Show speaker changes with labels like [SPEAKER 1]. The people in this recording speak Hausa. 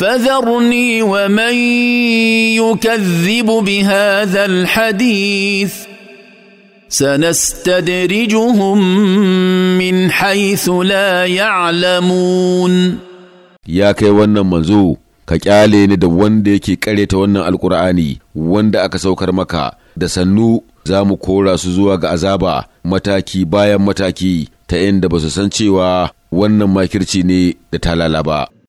[SPEAKER 1] فذرني ومن يكذب بهذا الحديث سنستدرجهم من حيث لا يعلمون
[SPEAKER 2] يا كي wannan manzo ka kyale ni da wanda yake ta wannan alkur'ani wanda aka saukar maka da sannu za mu kora su zuwa ga azaba mataki bayan mataki ta inda ba su san cewa wannan makirci ne da talala ba